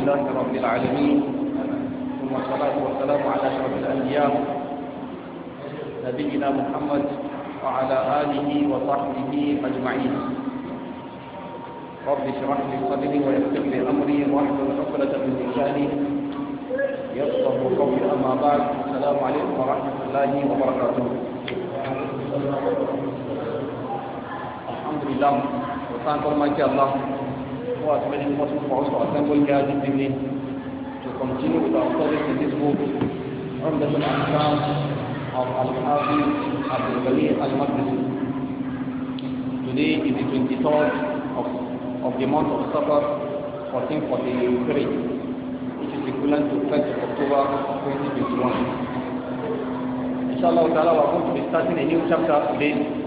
لله رب العالمين ثم الصلاة والسلام على أشرف الأنبياء نبينا محمد وعلى آله وصحبه أجمعين رب اشرح لي صدري ويسر لي أمري واحلل عقدة من لساني يفقه قولي أما بعد السلام عليكم ورحمة الله وبركاته we thank Almighty Allah who has made it possible for us to assemble here this evening to continue with our studies in this book, al-Ahkam of Al-Hafiz Ghali al-Maqdisi. Today is the 23rd of, of the month of Safar 1443, which is equivalent to 1st of October 2021. Inshallah, we are going to be starting a new chapter today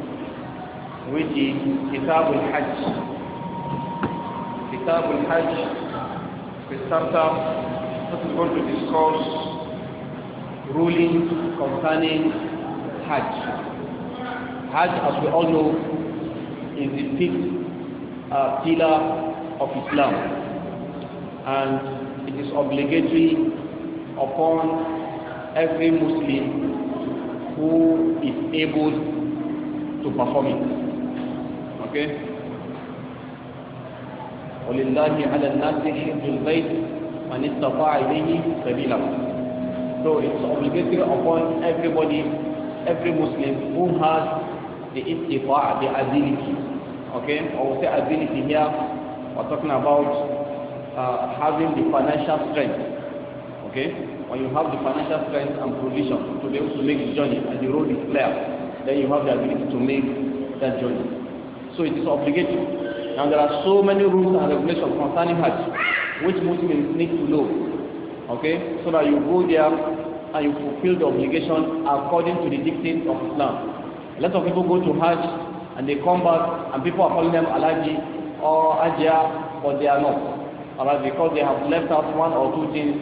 which is Kitab al-Hajj. Kitab al-Hajj is a going to discuss rulings concerning Hajj. Hajj, as we all know, is the fifth uh, pillar of Islam and it is obligatory upon every Muslim who is able to perform it. Okay? So it's obligatory upon everybody, every Muslim who has the istifa, the ability. Okay? Or we say ability here, we're talking about uh, having the financial strength. Okay? When you have the financial strength and provision to be able to make the journey and the road is clear, then you have the ability to make that journey. So it is obligatory. Now there are so many rules and regulations concerning Hajj which Muslims need to know. Okay? So that you go there and you fulfill the obligation according to the dictates of Islam. A lot of people go to Hajj and they come back and people are calling them Alaji or Ajia but they are not. Alright, because they have left out one or two things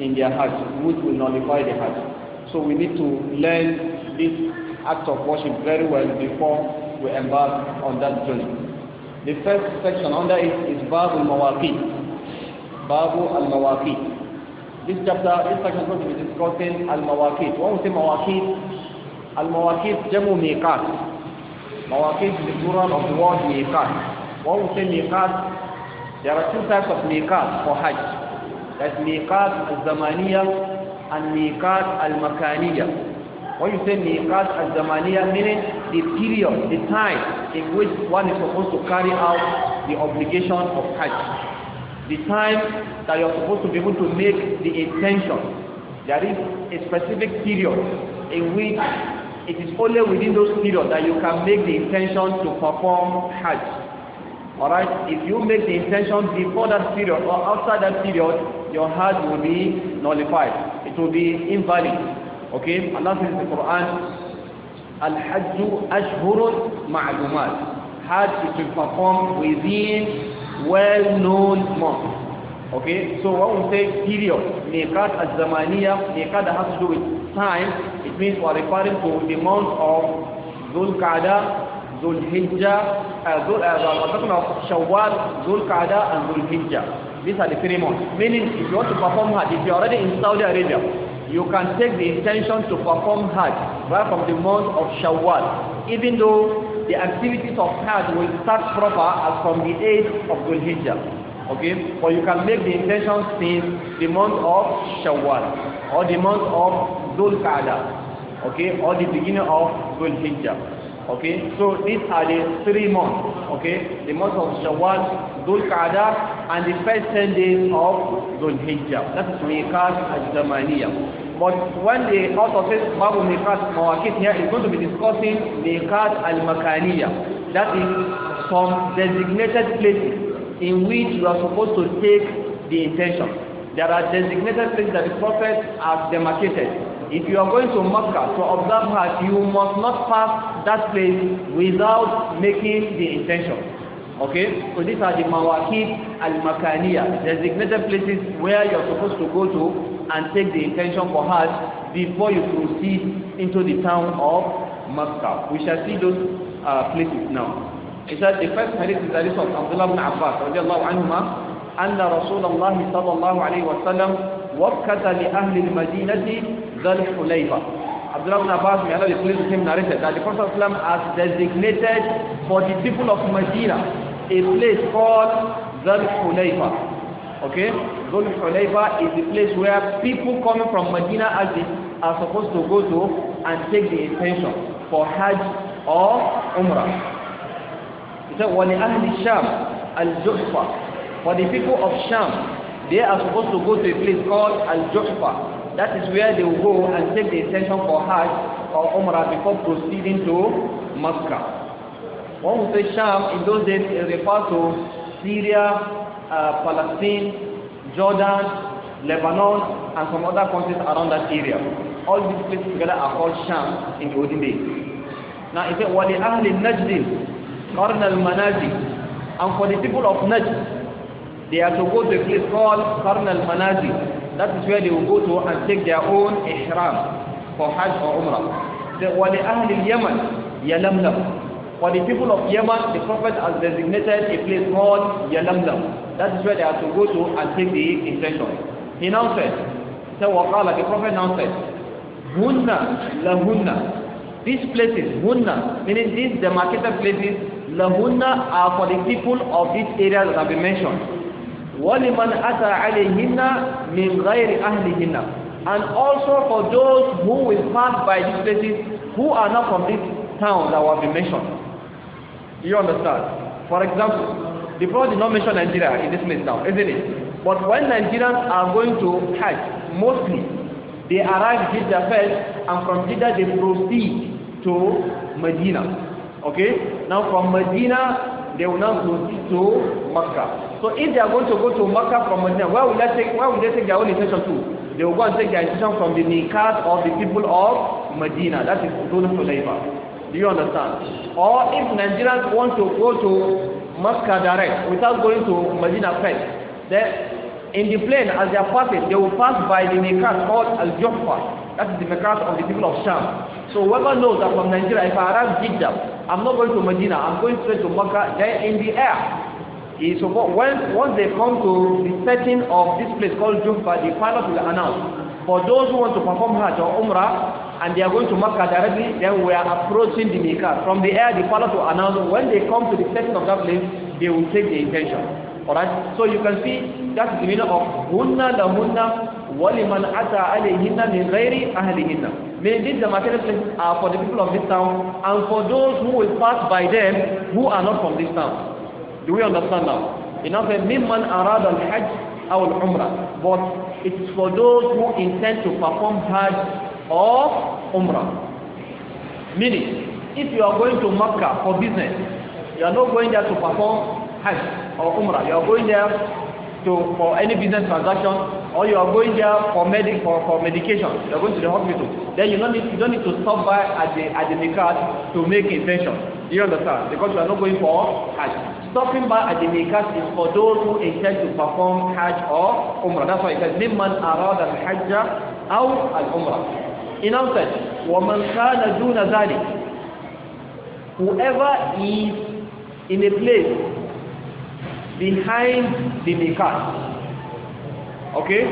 in their Hajj which will nullify the Hajj. So we need to learn this act of worship very well before we embark on that journey. The first section under it is Babu al-Mawaqi. Babu al-Mawaqi. This chapter, this section is going to be discussing al-Mawaqi. When we say Mawaqi, al-Mawaqi jamu miqat. Mawaqi is the plural of the word miqat. When we say miqat, there are two types of miqat for Hajj. That's miqat al-Zamaniyah and miqat al-Makaniyah. When you say miqat al-zamaniyah, meaning the period, the time in which one is supposed to carry out the obligation of Hajj. The time that you are supposed to be able to make the intention. There is a specific period in which it is only within those periods that you can make the intention to perform Hajj. Alright, if you make the intention before that period or after that period, your Hajj will be nullified. It will be invalid Okay, Allah says in the Quran, Al-Hajj is performed within well-known months. Okay, so when we say period, Miqat al-Zamaniya, Miqat has to do with time, it means we are referring to the month of Zul Qa'dah, Zul Hijjah, uh, Dhul, uh, we are talking of Shawwal, Dhul Qa'dah and Zul Hijjah. These are the three months. Meaning, if you want to perform Hajj, if you are already in Saudi Arabia, you can take the intention to perform Hajj right from the month of Shawwal, even though the activities of Hajj will start proper as from the 8th of Dhul Hijjah. Okay, but you can make the intention since the month of Shawwal or the month of Dhul Qa'dah, okay, or the beginning of Dhul Hijjah. Okay, so these are the three months. Okay, the month of Shawwal, Dhul Qa'dah, and the first ten days of Dhul Hijjah. That is Miqat al-Zamaniyah. But when the author says Babu Miqat Mawakit here, is going to be discussing Miqat al-Makaniya. That is some designated places in which you are supposed to take the intention. There are designated places that the Prophet has demarcated. If you are going to Makkah to observe Hajj, you must not pass that place without making the intention. Okay, so these are the Mawakit al-Makaniya, designated places where you are supposed to go to and take the intention for Hajj before you proceed into the town of Makkah. We shall see those uh, places now. It said, the first hadith is the hadith of Abdullah ibn Abbas radiallahu anhuma أن رسول الله صلى الله عليه وسلم وكت لأهل المدينة ذا الحليفة Abdullah ibn Abbas, may Allah be pleased with him, narrated that the Prophet ﷺ has designated for the people of Medina a place called Zal Hulayfa. Okay? Dhul is the place where people coming from Medina Aziz are supposed to go to and take the intention for Hajj or Umrah. He said, وَلِأَهْلِ Sham Al-Juhfa For the people of Sham, they are supposed to go to a place called Al-Juhfa. That is where they will go and take the intention for Hajj or Umrah before proceeding to Makkah. When we say Sham, in those days it refers to Syria, uh, Palestine, Jordan, Lebanon, and some other countries around that area. All these places together are called Sham in the olden days. Now it says, وَلِأَهْلِ النَّجْدِ قَرْنَ الْمَنَازِلِ and for the people of Najd, they are to go to a place called Qarn al-Manazi. is where they will go to and take their own ihram for Hajj or Umrah. The وَلِأَهْلِ Yemen, Yalamlam. For the people of Yemen, the Prophet has designated a place called Yalamlam. That is where they are to go to and take the intention. He now said, so وقال, the Prophet now said, Hunna lahunna. These places, hunna, meaning these demarcated places, Hunna are for the people of these areas that have been mentioned. وَلِمَنْ أَتَى عَلَيْهِنَّ مِنْ غَيْرِ أَهْلِهِنَّ and also for those who will pass by these places who are not from this town that have been mentioned. You understand? For example, The Prophet did not mention Nigeria in this place now, isn't it? But when Nigerians are going to Hajj, mostly they arrive their first, and from Jeddah they proceed to Medina. Okay? Now from Medina they will now proceed to Makkah. So if they are going to go to Makkah from Medina, where will they take where will they take their own intention to? They will go and take their intention from the Nikas of the people of Medina. That is Dhul Hulayfa. Do you understand? Or if Nigerians want to go to Mecca direct without going to Medina first. Then in the plane as they are passing, they will pass by the Mekat called Al-Juhfa. That is the Mekat of the people of Sham. So whoever knows that from Nigeria, if I arrive Jeddah, I'm not going to Medina, I'm going straight to Mecca, then in the air. So when, once they come to the setting of this place called Juhfa, the pilot will announce. For those who want to perform Hajj or Umrah, and they are going to Makkah directly, then we are approaching the Mecca. From the air, the pilot will announce when they come to the section of that place, they will take the intention. Alright? So you can see that is the meaning of Hunna la Hunna waliman ata alayhinna min ghairi ahlihinna. Meaning these the material things are for the people of this town and for those who will pass by them who are not from this town. Do we understand now? In other words, mimman arad al-hajj aw al-umrah. But it's for those who intend to perform hajj or Umrah. Meaning, if you are going to Makkah for business, you are not going there to perform Hajj or Umrah. You are going there to, for any business transaction or you are going there for, medic, for, for medication. You are going to the hospital. Then you don't need, you don't need to stop by at the, at the Mikat to make intention. You understand? Because you are not going for Hajj stopping by at the Mikat is for those who intend to perform Hajj or Umrah. That's why it says, مِمَّنْ أَرَادَ Hajj أَوْ umrah. In answer, woman كَانَ دُونَ ذَلِكَ Whoever is in a place behind the mikat. Okay?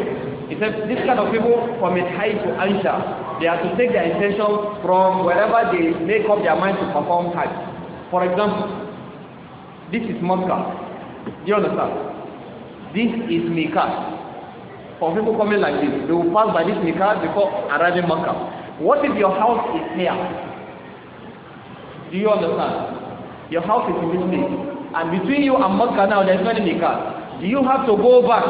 It says this kind of people from a high to answer. They have to take their intention from wherever they make up their mind to perform hajj. For example, this is Mecca. Do you understand? This is mikat for people coming like this, they will pass by this nikah before arriving Makkah. What if your house is here? Do you understand? Your house is in this place. And between you and Makkah now, there's no nikah. Do you have to go back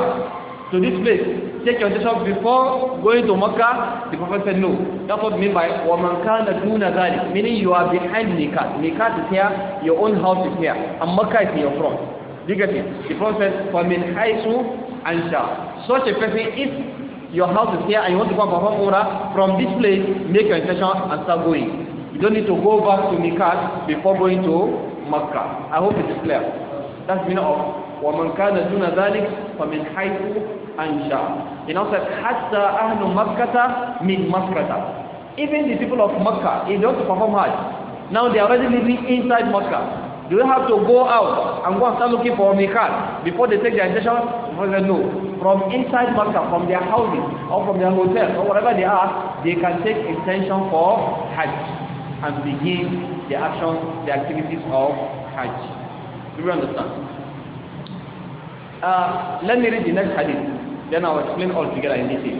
to this place? Take your decision before going to Makkah? The Prophet said no. That's what I mean by وَمَنْ كَانَ دُونَ ذَلِكَ Meaning you are behind nikah. Nikah is here, your own house is here, and Makkah is in your front. you get it? The Prophet says, فَمِنْ حَيْثُ أَنْشَى Such a person, if your house is here and you want to go and perform Umrah, from this place, make your intention and start going. You don't need to go back to Mikat before going to Makkah. I hope it is clear. That's meaning of ومن كان دون ذلك فمن حيث أنشأ He now said حتى أهل مكة من مكة Even the people of Makkah, if they want to perform Hajj, now they are already living inside Makkah. Do they have to go out and go and start looking for a mikat before they take their intention? No. From inside Makkah, from their houses or from their hotels or wherever they are, they can take intention for Hajj and begin the action, the activities of Hajj. Do you understand? Uh, let me read the next hadith. Then I will explain all together in detail.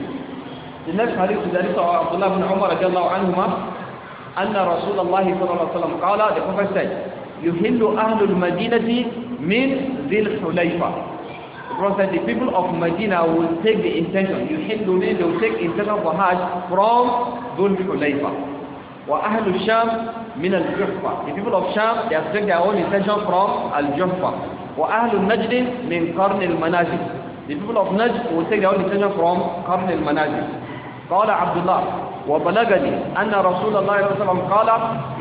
The next hadith is the hadith of Abdullah ibn Umar radiallahu anhuma أن رسول الله صلى الله عليه the prophet said يهل أهل المدينة من ذي الحليفة Prophet, the people of Medina will take the intention. You يحل they will take intention for Hajj from Dhul Wa Ahlul Sham min al الجحفة The people of Sham they have taken their own intention from Al-Juhfa. Wa Ahlul Najd min من al المناجد The people of Najd will take their own intention from قرن al قال Qala Abdullah, وبلغني أن رسول الله صلى الله عليه وسلم قال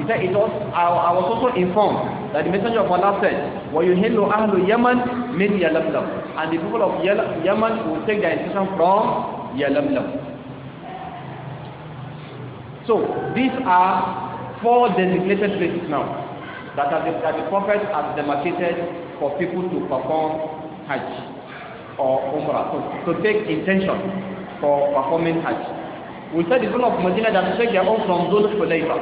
إذا it was, I, I was also informed that the messenger of Allah said وَيُهِلُّ أَهْلُ يَمَنْ مِنْ يَلَمْلَمْ and the people of Yemen will take their instruction from Yalamlam so these are four designated places now that, the, that the prophet has demarcated for people to perform Hajj or Umrah, to, to take intention for performing Hajj. We said the people of Medina that take their own from Zul Hulayfa.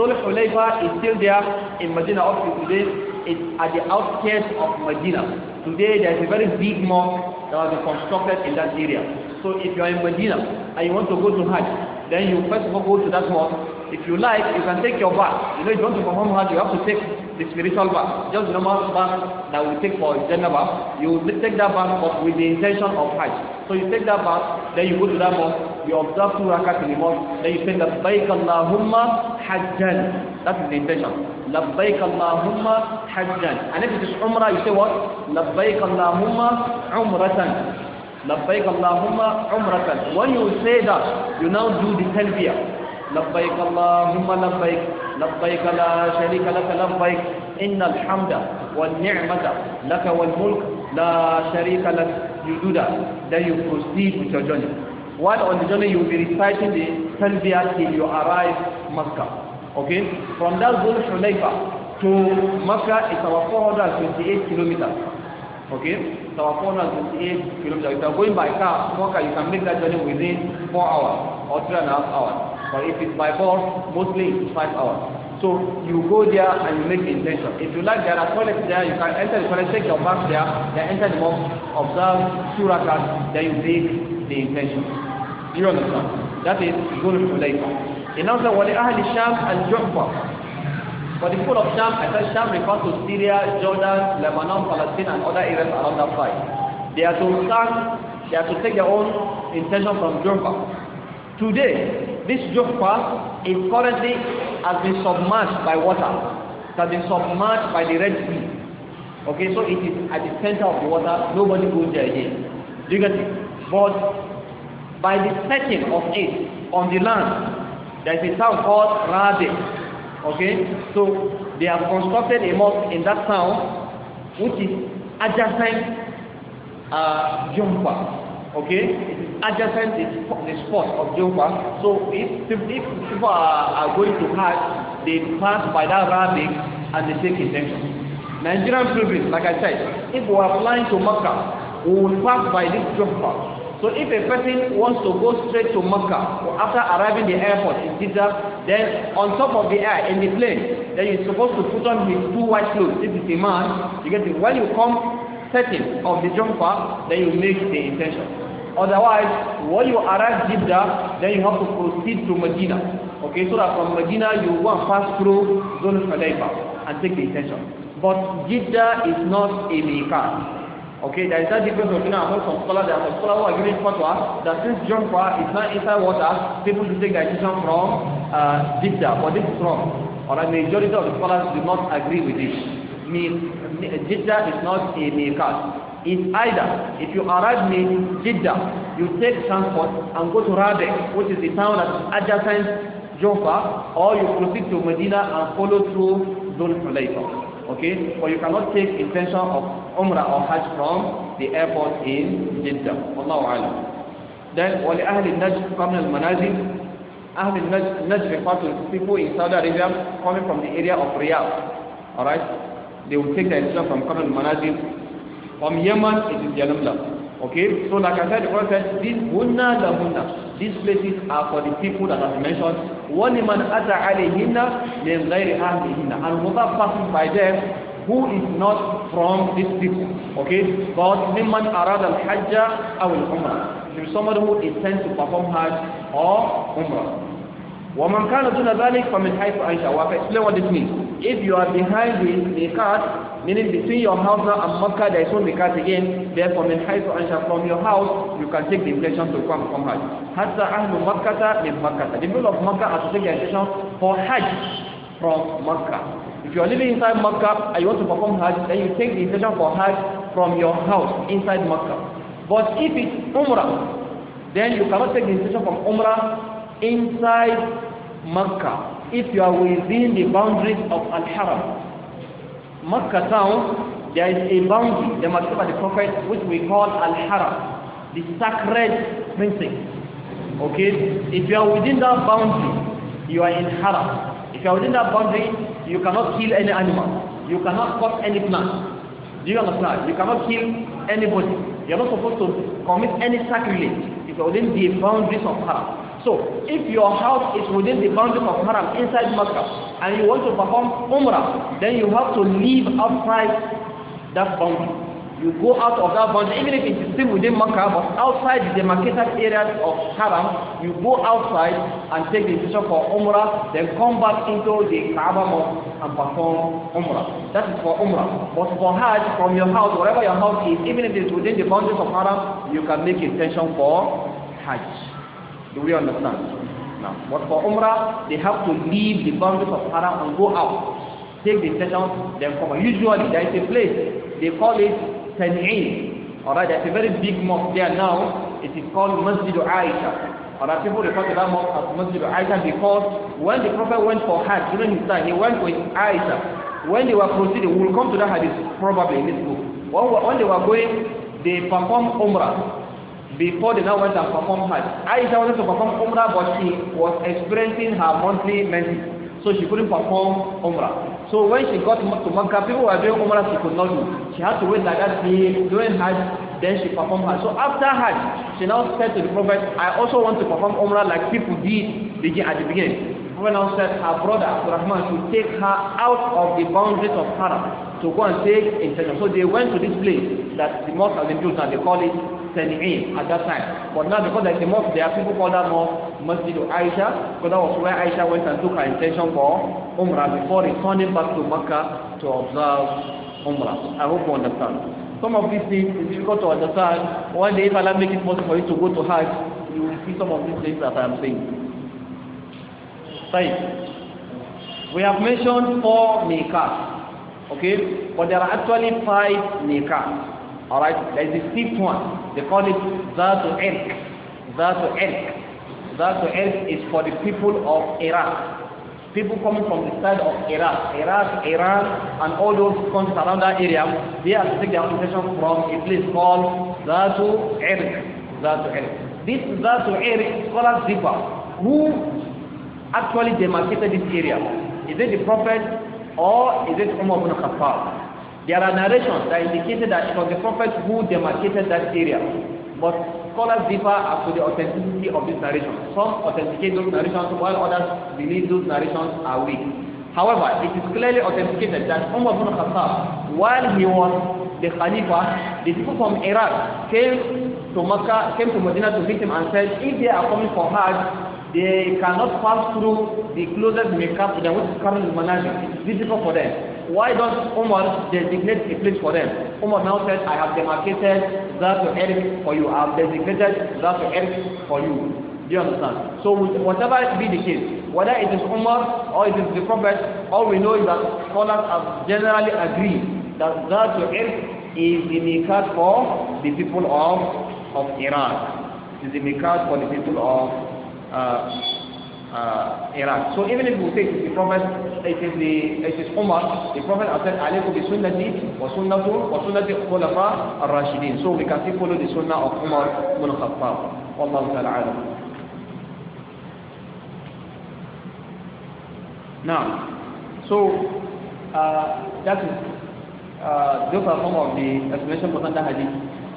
Zul Hulayfa is still there in Medina up to today. It's at the outskirts of Medina. Today there is a very big mosque that has been constructed in that area. So if you are in Medina and you want to go to Hajj, then you first of all go to that mosque If you like, you can take your bath. You know, if you want to perform Hajj, you have to take the spiritual bath. Just the normal bath that we take for general bath. You take that bath but with the intention of Hajj. So you take that bath, then you go to that mosque, you observe two rakat in the mosque, then you say, Labbaik Allahumma Hajjan. That is the intention. Labbaik Allahumma Hajjan. And if it is Umrah, you say what? Labbaik Allahumma Umratan. Labbaik Allahumma Umratan. When you say that, you now do the talbiyah. لبيك اللهم لبيك لبيك لا شريك لك لبيك إن الحمد والنعمة لك والملك لا شريك لك يدودا. do that then you proceed with your journey while on the journey you will be reciting the Talbiyah till you arrive Makkah okay from that Dhul Hulayfa to Makkah is our 428 kilometers okay it's our 428 kilometers if you are going by car Makkah you can make that journey within 4 hours or 3 and a half hours But if it's by force, mostly it's five hours. So you go there and you make the intention. If you like, there are toilets there, you can enter the toilet, take your bath there, then enter the mosque, observe two rakats, then you make the intention. Do you understand? That is Zulul Hulayfa. In other words, Ahl Sham and Ju'fa. For the people of Sham, I said Sham refers to Syria, Jordan, Lebanon, Palestine, and other areas around that side. They are to stand, they are to take their own intention from Ju'fa. Today, This Juffa is currently has been submerged by water. It has been submerged by the Red Sea. Okay, so it is at the center of the water. Nobody goes there again. Do you get it? But by the setting of it on the land, there is a town called Rade. Okay, so they have constructed a mosque in that town, which is adjacent uh, Jumpa. Okay, adjacent is the spot of Jehovah. So if, if people are, are going to Hajj, they pass by that Arabic and they take intention. Nigerian pilgrims, like I said, if we are flying to Mecca, we will pass by this Jehovah. So if a person wants to go straight to Mecca after arriving the airport in Jeddah, then on top of the air in the plane, then you're supposed to put on his two white clothes. This is a man. You get it. When you come setting of the jumper, then you make the intention. Otherwise, when you arrive Jeddah, then you have to proceed to Medina. Okay, so that from Medina you go and pass through Zone Hudaybah and take the intention. But Jeddah is not a Miqat. Okay, there is that difference between among some scholars. There are some scholars who are giving fatwa that since Jumpa is not inside water, people should take the decision from uh, Jeddah. But this is wrong. Or Alright, majority of the scholars do not agree with this. Means Jeddah is not a Miqat. is either if you arrive in Jeddah, you take transport and go to Rabe, which is the town that is adjacent Jaffa, or you proceed to Medina and follow through Dhul Hulayfa. Okay? Or you cannot take intention of Umrah or Hajj from the airport in Jeddah. Allahu Alam. Then, وَلِأَهْلِ النَّجْرِ قَبْلَ الْمَنَازِلِ Ahl al-Najd refer to people in Saudi Arabia coming from the area of Riyadh. Alright? They will take the intention from Qadr al-Manazil from Yemen it is Yalamla. Okay, so like I said, the Prophet said, these Hunna la Hunna, these places are for the people that have mentioned. One وَلِمَنْ أَتَى عَلَيْهِنَّ مِنْ غَيْرِ أَهْلِهِنَّ And whoever passes by them, who is not from this people. Okay, but مِمَّنْ أَرَادَ الْحَجَّ أَوْ الْعُمْرَةِ There is somebody who intends to perform Hajj or Umrah. وَمَنْ كَانَ دُونَ ذَلِكَ فَمِنْ حَيْثُ أَنْشَأَ وَأَفْ Explain what this means if you are behind the mikat, meaning between your house and Makkah, there is no mikat again. Therefore, min haythu ansha, from your house, you can take the intention to come from Hajj. Hatta ahlu Makkata min Makkata. The people of Makkah are to take the intention for Hajj from Makkah. If you are living inside Makkah and you want to perform Hajj, then you take the intention for Hajj from your house inside Makkah. But if it's Umrah, then you cannot take the intention from Umrah inside Makkah if you are within the boundaries of Al-Haram. Makkah town, there is a boundary, the Masjid of the Prophet, which we call Al-Haram, the sacred principle. Okay? If you are within that boundary, you are in Haram. If you are within that boundary, you cannot kill any animal. You cannot cut any plant. Do you understand? You cannot kill anybody. You are not supposed to commit any sacrilege if you are within the boundaries of Haram. So, if your house is within the boundary of haram inside Makkah and you want to perform umrah, then you have to leave outside that boundary. You go out of that boundary, even if it is still within Makkah, but outside the demarcated areas of haram, you go outside and take the decision for umrah, then come back into the Kaaba mosque and perform umrah. That is for umrah. But for hajj, from your house, wherever your house is, even if it is within the boundaries of haram, you can make intention for hajj. Do we understand? Now, but for Umrah, they have to leave the boundaries of Haram and go out, take the session, then come. Usually, there is a place, they call it Tan'in. Alright, there's a very big mosque there now. It is called Masjid Aisha. Alright, people refer to that mosque as Masjid Aisha because when the Prophet went for Hajj during his time, he went with Aisha. When they were proceeding, we will come to that hadith probably in this book. When they were going, they performed Umrah before they now went and performed Hajj. Aisha wanted to perform Umrah but she was experiencing her monthly menses. So she couldn't perform Umrah. So when she got to Makkah, people were doing Umrah she could not do. She had to wait like that till during Hajj, then she performed Hajj. So after Hajj, she now said to the Prophet, I also want to perform Umrah like people did begin at the beginning. The Prophet now said her brother, Abdurrahman, should take her out of the boundaries of Haram to go and take intention. So they went to this place that the mosque has been built and they call it Sani'in at that time. But now because there's a mosque there, are people call that mosque Masjid Aisha because that was where Aisha went and took her intention for Umrah before returning back to Mecca to observe Umrah. I hope you understand. Some of these things is difficult to understand. One day if Allah makes it possible for you to go to Hajj, you will see some of these things that I am saying. Right. We have mentioned four miqats Okay? But there are actually five nikah. Alright? There is a fifth one. They call it Zatu Elk. Zatu Elk. Zatu Elk is for the people of Iraq. People coming from the side of Iraq, Iraq, Iran, and all those countries around that area, they have to take their protection from a place called Zatu Elk. Zatu Elk. This Zatu Elk, scholars differ. Who actually demarcated this area? Is it the Prophet Or is it Umar ibn Khattab? There are narrations that indicated that it was the Prophet who demarcated that area. But scholars differ as to the authenticity of this narration. Some authenticate those narrations while others believe those narrations are weak. However, it is clearly authenticated that Umar ibn Khattab, while he was the Khalifa, the people from Iraq came to Mecca, came to Medina to visit him and said, if they are coming for Hajj, they cannot pass through the closest Mecca to them, which is in Manajim. It's difficult for them. Why does Omar designate a place for them? Omar now says, I have demarcated that to help for you. I have designated that to help for you. Do you understand? So whatever it be the case, whether it is Omar or it is the Prophet, all we know is that scholars have generally agreed that that to help is the Mecca for the people of, of Iran. It is the Mecca for the people of uh, Iraq. Uh, so even if we take the Prophet, it is the it is Umar, the Prophet has said alaykum bi sunnati wa sunnatu wa sunnati khulafa al rashidin So we can still follow the sunnah of Umar ibn Khattab. Wallahu ta'ala alam. Now, so uh, that is uh, those are some of the explanation for that hadith.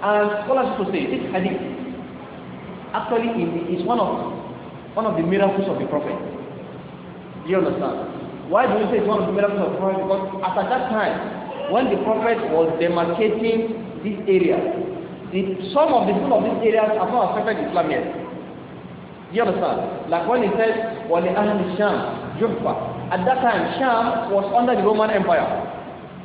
And scholars to say this hadith actually is one of one of the miracles of the prophet. You understand? Why do you say it's one of the miracles of the prophet? Because at that time, when the prophet was demarcating this area, the, some of the people of these areas have not accepted Islam yet. You understand? Like when he said, Wali Ahli Sham, Juffa. At that time, Sham was under the Roman Empire.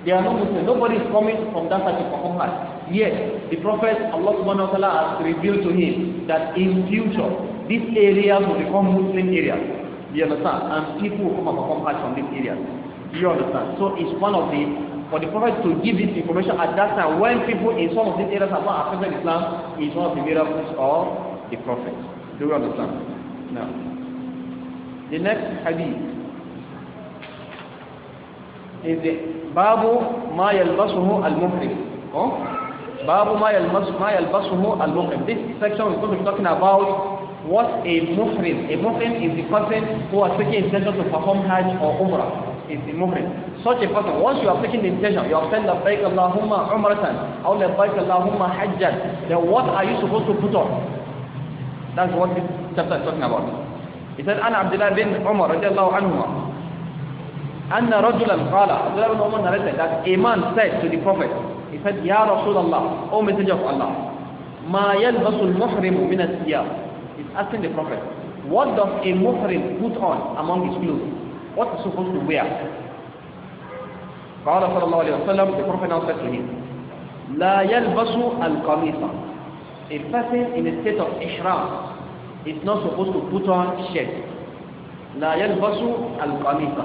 They are not Muslims. Nobody is coming from that side of Muhammad. Yet, the Prophet Allah subhanahu wa ta'ala has revealed to him that in future, these areas will become Muslim areas. you understand? And people will come and perform Hajj from these areas. Do you understand? So it's one of the, for the Prophet to give this information at that time when people in some of these areas are not accepting Islam is one of the miracles of the Prophet. Do you understand? Now, the next hadith is the Babu Ma Yalbasuhu Al-Muhrim. Oh? Babu Ma Yalbasuhu Al-Muhrim. This section is going to be talking about what a muhrim. A muhrim is the person who has taken intention to perform Hajj or Umrah. Is the muhrim. Such a person, once you are taking the intention, you have said labbaik Allahumma umratan or labbaik Allahumma hajjan, then what are you supposed to put on? That's what this chapter is talking about. He said, An Abdullah bin Umar radiallahu anhu, Anna رجلا qala Abdullah bin بن عمر narrated that a man said to the prophet he said Ya رسول الله O messenger of Allah ma al muhrim min al الثياب is asking the Prophet, what does a muhrim put on among his clothes? What is supposed to wear? قال صلى الله عليه وسلم the Prophet now said to him لا يلبس القميص a person in a state of ihram is not supposed to put on shirt لا يلبس القميص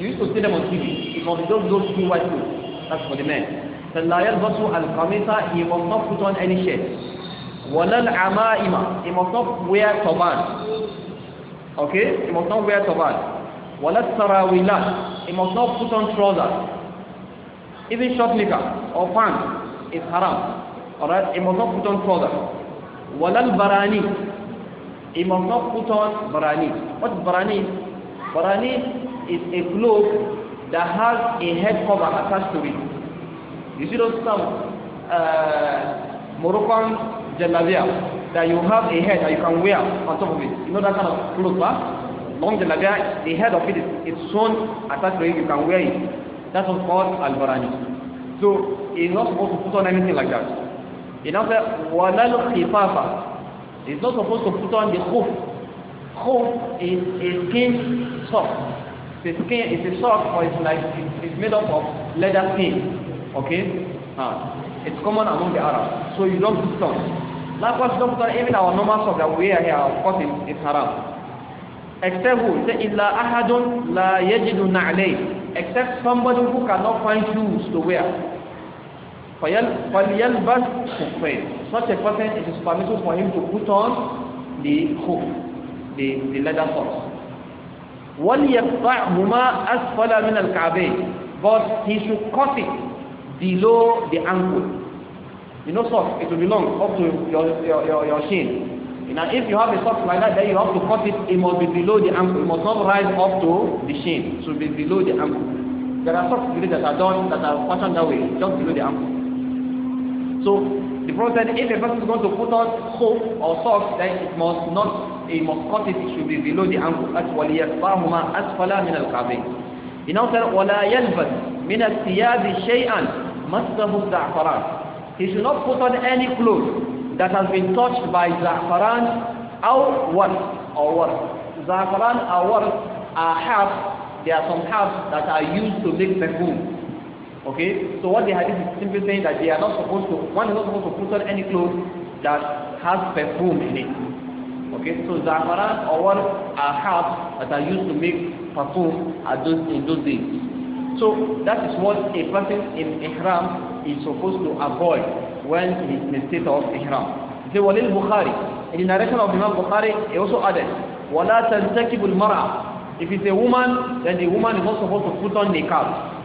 you used to see them on TV it was those, those two white clothes that's for the men so لا يلبس القميص he must not put on any shirt walal amaima he must not wear turban okay he must not wear turban walal sarawilat he must not put on trousers even short nikah or pants is haram alright he must not put on trousers walal barani he must not put on barani what is barani barani is a cloak that has a head cover attached to it you see those some uh, Moroccan jalabia that you have a head that you can wear on top of it. You know that kind of clothes, huh? Long jalabia, the head of it is it's sewn attached to it, you can wear it. That's what's called albarani. barani So it's not supposed to put on anything like that. It now says, walal khifafa. It's not supposed to put on the khuf. Khuf is a skin sock. The skin is a sock or it's like it's made up of leather skin. Okay? Uh, it's common among the Arabs. So you don't put on. Likewise, don't even our normal stuff that we wear here, of course, is, is haram. Except who? Say, إِلَّا أَحَدٌ لَا يَجِدُ نَعْلَيْهِ Except somebody who cannot find shoes to wear. فَلْيَلْبَسْ خُفَيْنِ Such a person, it is permissible for him to put on the hoof, the, the leather socks. وَلْيَقْطَعْهُمَا أَسْفَلَ مِنَ الْكَعْبَيْنِ But he should cut it below the ankle. You know socks, it will be long up to your, your, your, your shin. Now if you have a sock like that, then you have to cut it, it must be below the ankle, it must not rise up to the shin, it should be below the ankle. There are socks today that are done, that are fashioned that way, just below the ankle. So the Prophet if a person is going to put on hope or socks, then it must not, it must cut it, it should be below the ankle. That's وَلِيَكْفَاهُمَا أَسْفَلَ مِنَ الْكَعْبَيْنِ He now said, وَلَا يَلْبَسْ مِنَ الثِّيَابِ شَيْئًا مَسَّهُ الزَّعْفَرَانِ He should not put on any clothes that has been touched by za'faran or what or what. Za'faran or what are herbs. There are some herbs that are used to make perfume. Okay, so what are hadith is simply saying that they are not supposed to. One is not supposed to put on any clothes that has perfume in it. Okay, so za'faran or what are herbs that are used to make perfume Are those in those days. So that is what a person in ihram is supposed to avoid when he is in the state of ihram. He said, Walil Bukhari. In the narration of Imam Bukhari, he also added, Wala tantakibul mara. If it's a woman, then the woman is not supposed to put on niqab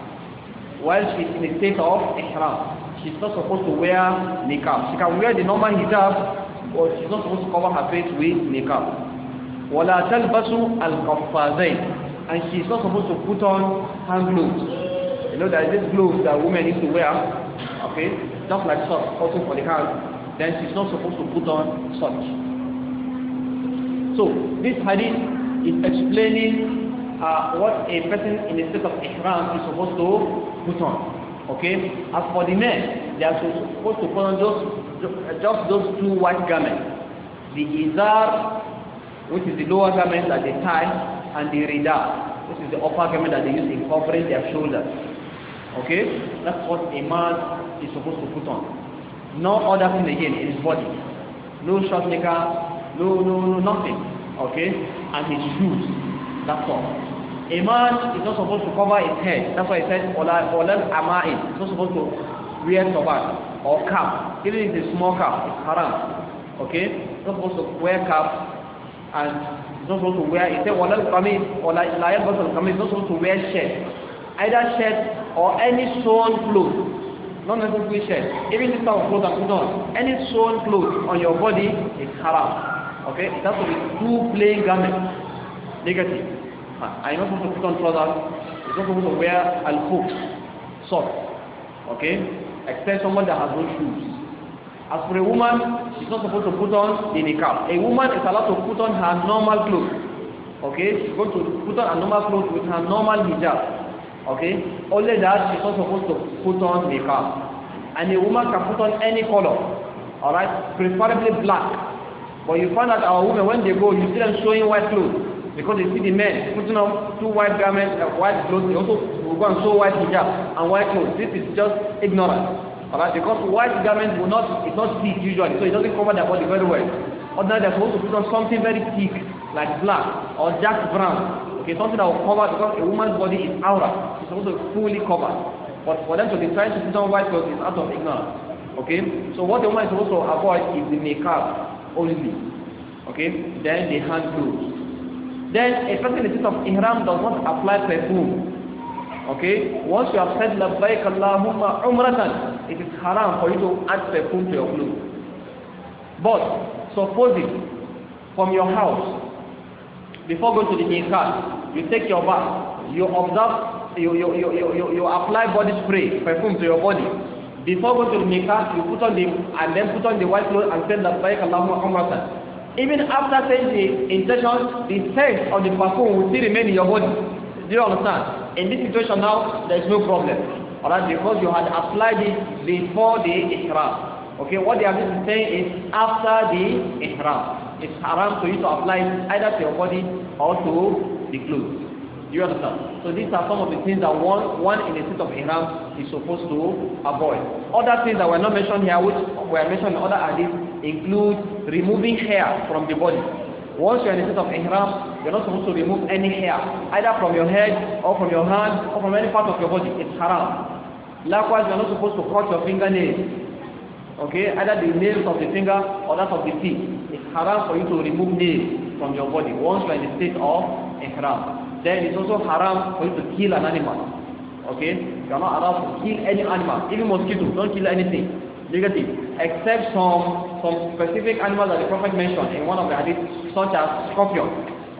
while she is in the state of ihram. She's not supposed to wear niqab. She can wear the normal hijab, but she's not supposed to cover her face with niqab. Wala talbasu al-qaffazain. And she's not supposed to put on hand gloves. You know, there is this gloves that women need to wear Okay? Just like salt, also for the hand, then she's not supposed to put on salt. So, this hadith is explaining uh, what a person in a state of ihram is supposed to put on. Okay? As for the men, they are supposed to put on just, just those two white garments. The izar, which is the lower garment that they tie, and the rida, which is the upper garment that they use in covering their shoulders. Okay? That's what a man is supposed to put on. No other thing again in his body. No shot maker, no, no, no, nothing. Okay? And his shoes. That's all. A man is not supposed to cover his head. That's why he said, Ola, Ola Ama'in. He's not supposed to wear turban or cap. Even if it's a small cap, it's haram. Okay? He's not supposed to wear cap and it's not supposed to wear, he said, Walal Kamis, or like Layal Basal Kamis, not supposed to wear shirt. Either shirt or any sewn cloth, not necessarily shirt, even this type of clothes and put on, any sewn cloth on your body is haram. Okay, it has to be two plain garments. Negative. Huh. I'm not supposed to put on trousers. You're not supposed to wear al hooks, socks. Okay, except someone that has no shoes. As for a woman, she's not supposed to put on the niqab. A woman is allowed to put on her normal clothes. Okay, she's going to put on her normal clothes with her normal hijab okay only that she's not supposed to put on makeup and a woman can put on any color all right preferably black but you find that our women when they go you see them showing white clothes because they see the men putting on two white garments uh, white clothes they also will go and show white hijab and white clothes this is just ignorance all right because white garments will not it's not thick usually so it doesn't cover their body very well ordinarily they're supposed to put on something very thick like black or dark brown okay something that will cover because a woman's body is aura supposed to fully cover. But for them to be trying to put on white clothes is out of ignorance. Okay? So what the woman is supposed to avoid is the makeup only. Okay? Then the hand gloves. Then a person in the state of ihram does not apply perfume. Okay? Once you have said la Allahumma umratan, it is haram for you to add perfume to your clothes. But supposing from your house, before going to the miqat, you take your bath, you observe you, you, you, you, you apply body spray, perfume to your body. Before going to the Mika, you put on the, and then put on the white clothes and send say labbaik Allahumma umratan. Even after saying the intention, the scent of the perfume will still remain in your body. Do you understand? In this situation now, there is no problem. Alright, because you had applied it before the ihram. Okay, what they are saying is after the ihram. It's haram for you to apply it either to your body or to the clothes. You understand? So these are some of the things that one, one in the state of Ihram is supposed to avoid. Other things that were not mentioned here, which were mentioned in other hadith, include removing hair from the body. Once you're in the state of Ihram, you're not supposed to remove any hair, either from your head or from your hand or from any part of your body. It's haram. Likewise, you're not supposed to cut your fingernails. Okay, either the nails of the finger or that of the teeth. It's haram for you to remove nails from your body once you're in the state of Ihram. then it's also haram for you to kill an animal. Okay? You are not allowed to kill any animal, even mosquito. Don't kill anything. negative. Except some some specific animal that the Prophet mentioned in one of the hadith, such as scorpion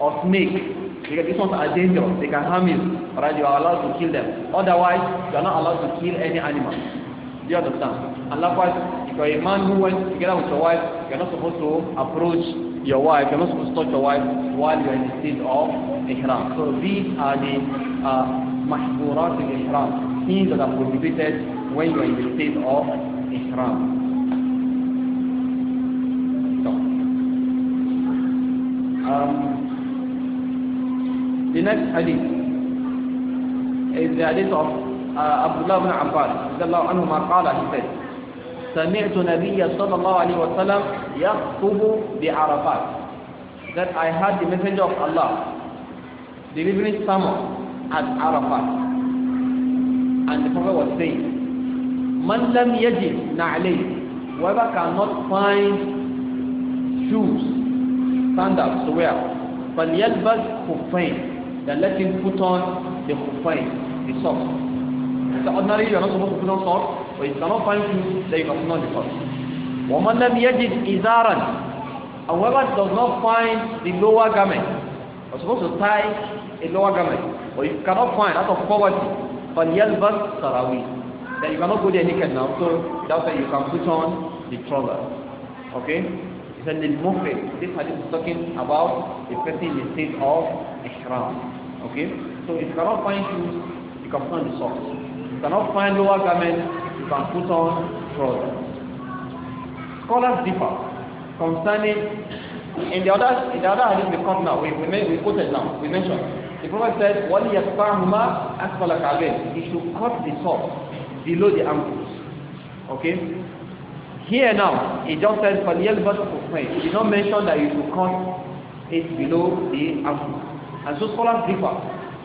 or snake. Because these ones are dangerous, they can harm you. Alright, you are allowed to kill them. Otherwise, you are not allowed to kill any animal. Do you understand? And likewise, if you are a man who went together with your wife, you are not supposed to approach your wife, you're not supposed to touch your wife while you're in the state of ihram. So these are the uh, mahburat in ihram, things that are prohibited when you're in the state of ihram. So, um, the next hadith is the hadith of uh, Abdullah ibn Abbas. He said, سمعت نبي صلى الله عليه وسلم يخطب بعرفات that I heard the messenger of Allah delivering sermon at Arafat and the prophet was saying من لم يجد نعلي whoever cannot find shoes sandals to wear فليلبس خفين then let him put on the خفين the socks so ordinarily you are not supposed to put on socks But if cannot find shoes, then you must not be the وَمَنْ لَمْ يَجِدْ إِزَارًا Whoever does not find the lower garment, you're supposed to tie a lower garment, but you cannot find out of poverty, فَلْيَلْبَسْ سَرَاوِي Then you cannot go there naked now, so that's why you can put on the trousers. Okay? He said, لِلْمُفْرِد This hadith is talking about the person in the state of ihram. Okay? So if you cannot find shoes, you can find the socks. cannot find lower garment, you can put on trousers. Scholars differ concerning in the other in the other hadith we come now we we, may, we quoted now we mentioned the prophet said wali yasfahuma asfala kabin he should cut the top below the ankles okay here now he just said for the elbows of elbow he did not mention that you should cut it below the ankles. and so scholars differ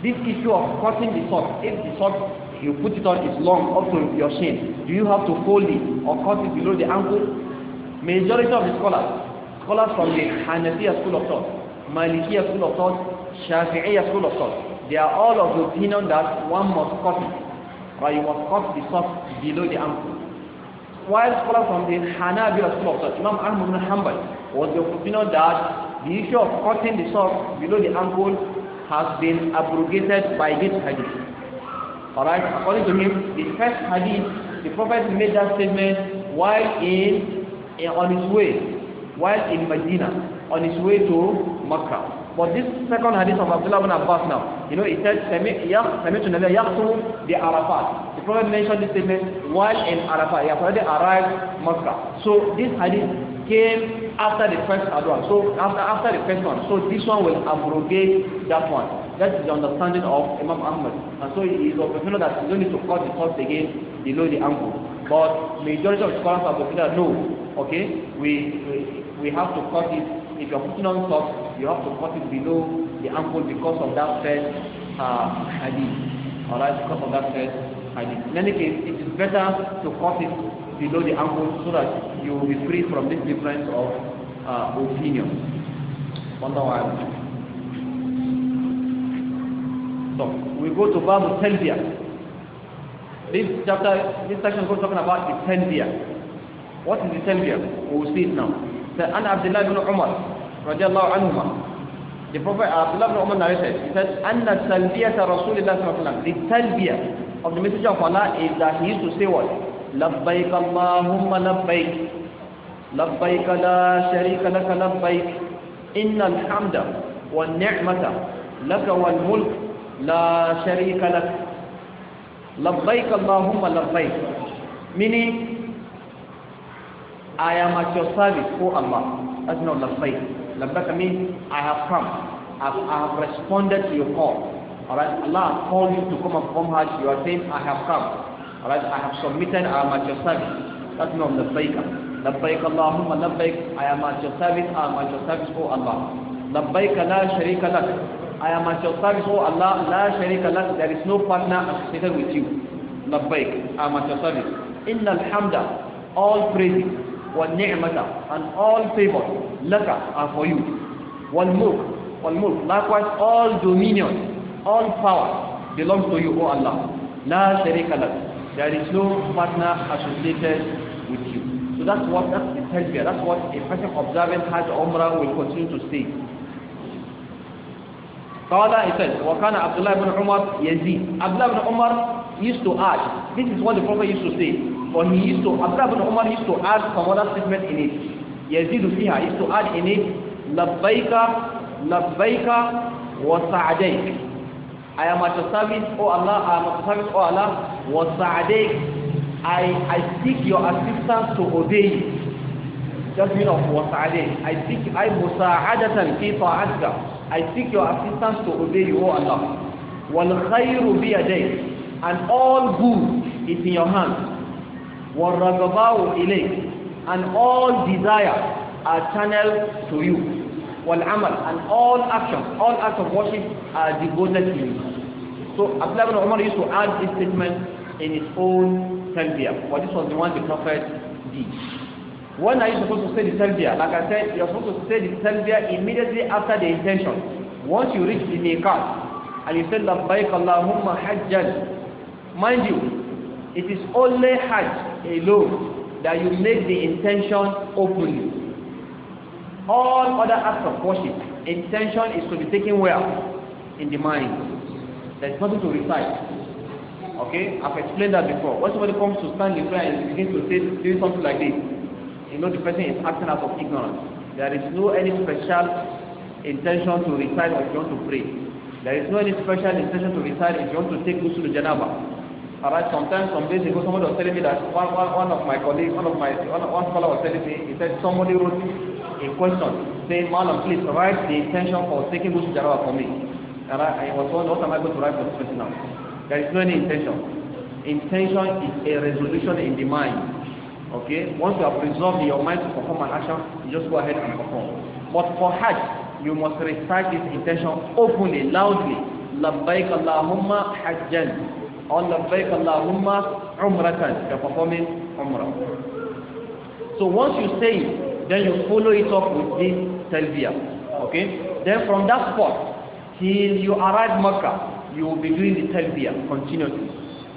this issue of cutting the top if the top you put it on its long up to your shin do you have to fold it or cut it below the ankle majority of the scholars scholars from the Hanafiya school of thought Malikiya school of thought Shafi'iya school of thought they are all of the opinion that one must cut it but you must cut the sock below the ankle while scholars from the Hanabila school of thought Imam Ahmad bin Hanbal was the opinion that the issue of cutting the sock below the ankle has been abrogated by this hadith Alright, according to him, the first hadith, the Prophet made that statement while in, in eh, on his way, while in Medina, on his way to Makkah. But this second hadith of Abdullah ibn Abbas now, you know, it said, Sami'tu Nabi Yaqtum bi Arafat. The Prophet mentioned this statement while in Arafat. He has already arrived Makkah. So this hadith came after the first one. So after, after the first one. So this one will abrogate that one. That is the understanding of Imam Ahmad. And so he is of the opinion that you don't need to cut the tops again below the ankle. But majority of scholars are of the no. Okay, we, we we have to cut it. If you're putting on socks, you have to cut it below the ankle because of that first uh, hadith. Alright, because of that first hadith. In any case, it is better to cut it below the ankle so that you will be free from this difference of uh, opinion. Wonder why. So we go to Babu here. This chapter, this section goes talking about the Talbiya. What is the Talbiya? We will see it now. The An Abdullah ibn Umar, radiallahu anhuma. The Prophet Abdullah ibn Umar narrated, he said, Anna Talbiyata Rasulullah sallallahu The Talbiya of the Messenger of Allah is that he used to say what? لبيك اللهم لبيك لبيك لا شريك لك لبيك إن الحمد والنعمة لك والملك لا شريك لك لبيك اللهم لبيك meaning I am at your service O oh Allah that's not labbaik labbaik means I have come I have, I have responded to your call alright Allah has called you to come and perform Hajj you are saying I have come alright I have submitted I am at your service that's not labbaik لبيك Allahumma لبيك I am at your service I am at your service O oh Allah labbaik la sharika lak I am at your service, O Allah, la sharika lak, there is no partner associated with you. Labbaik, I am at your service. Inna alhamda, all praise, wa ni'mata, and all favour, laka, are for you. Wal mulk, wal mulk, likewise all dominion, all power, belongs to you, O Allah. La sharika lak, there is no partner associated with you. So that's what, that's the tell That's what a person observant Hajj Umrah will continue to say. Qala, he said, Wakana Abdullah ibn Umar Yazid. Abdullah ibn Umar used to ask, this is what the Prophet used to say, For he used to, Abdullah ibn Umar used to add some other statement in it. Yazid fiha used to add in it, Labbaika, Labbaika, wa I am at your service, O Allah, I am at your service, O Allah, wa I, I seek your assistance to obey you judgment of wasaale I seek I musaadatan fi ta'atika I seek your assistance to obey you O Allah wal khayru bi yaday and all good is in your hands. wal ragabau ilay and all desire are channeled to you wal amal and all action all acts of worship are devoted to you so Abdullah ibn Umar used to add this statement in his own Tanbiyah well this was the one the Prophet did When are you supposed to say the talbiyah? Like I said, you are supposed to say the talbiyah immediately after the intention. Once you reach the miqat and you say labbaik Allahumma hajjan. Mind you, it is only hajj alone that you make the intention openly. All other acts of worship, intention is to be taken well in the mind. There is nothing to recite. Okay, I've explained that before. When somebody comes to stand in prayer and begins to say, do something like this, you know the person is acting out of ignorance. There is no any special intention to recite or if you want to pray. There is no any special intention to recite if you want to take to Janaba. Alright, sometimes some days ago somebody was telling me that one, one, one of my colleague, one of my one, one fellow was telling me, he said somebody wrote a question saying, Malam, please write the intention for taking to Janaba for me. And I, I was wondering what am I going to write for this person now? There is no any intention. Intention is a resolution in the mind. Okay? Once you have resolved in your mind to perform an action, you just go ahead and perform. But for Hajj, you must recite this intention openly, loudly. لبيك اللهم حجا or لبيك اللهم عمرة. You're performing Umrah. So once you say it, then you follow it up with this talbiyah. Okay? Then from that spot till you arrive Makkah, you will be doing the talbiyah continuously.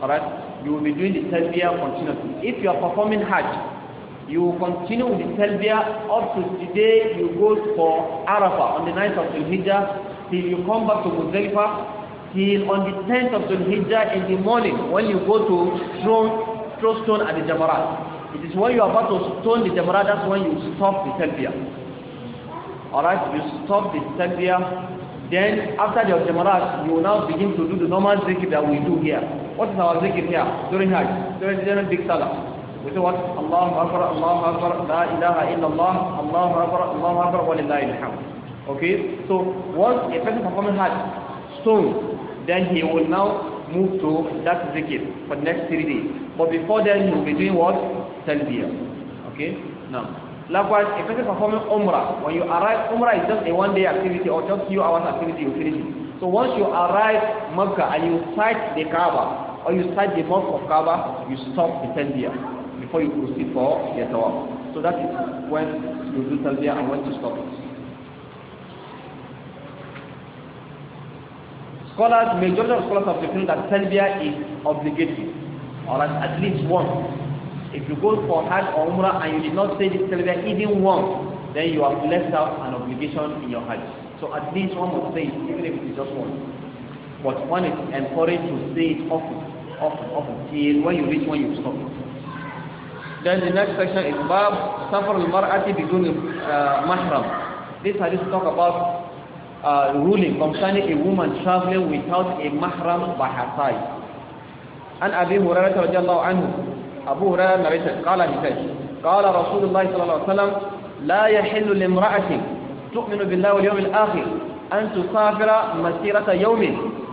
Alright? you will be doing the talbiyah continuously. If you are performing Hajj, you will continue with the talbiyah up to the day you go for Arafah on the night of Dhul Hijjah till you come back to Muzdalifah till on the 10th of Dhul Hijjah in the morning when you go to throw, throw stone at the Jamarat. It is when you are about to stone the Jamarat that's when you stop the talbiyah. Alright, you stop the talbiyah. Then after the Jamarat, you will now begin to do the normal zikr that we do here. What is our zikr here during Hajj, during general big salah? We say what? Allahu Akbar, Allahu Akbar, La ilaha illallah, Allahu Akbar, Allahu Akbar, walillahi alhamd. Okay, so once a person performs Hajj, stone, then he will now move to that zikr for the next three days. But before then, he will be doing what? Talbiyah. Okay, now. Likewise, a person performing Umrah, when you arrive, Umrah is just a one-day activity or just few hours activity, you finish it. So once you arrive Makkah and you sight the Kaaba, or you start the month of Kaaba, you stop the Talbiyah before you proceed for the Tawaf. So that is when you do Talbiyah and when to stop it. Scholars, majority of scholars have defined that Talbiyah is obligatory, or at least one. If you go for Hajj or Umrah and you did not say this Talbiyah even once, then you have left out an obligation in your Hajj. So at least one must say it, even if it is just one. But one is encouraged to say it often, often, often, till when you reach when you stop it. Then the next section is Bab Safar al-Mar'ati bidun uh, mahram. This hadith talk about uh, ruling concerning a woman traveling without a mahram by her side. And Abi Hurairah radiallahu anhu, Abu Hurairah narrated, قال he said, قال رسول الله صلى الله عليه وسلم لا يحل لامرأة تؤمن بالله واليوم الآخر أن تسافر مسيرة يوم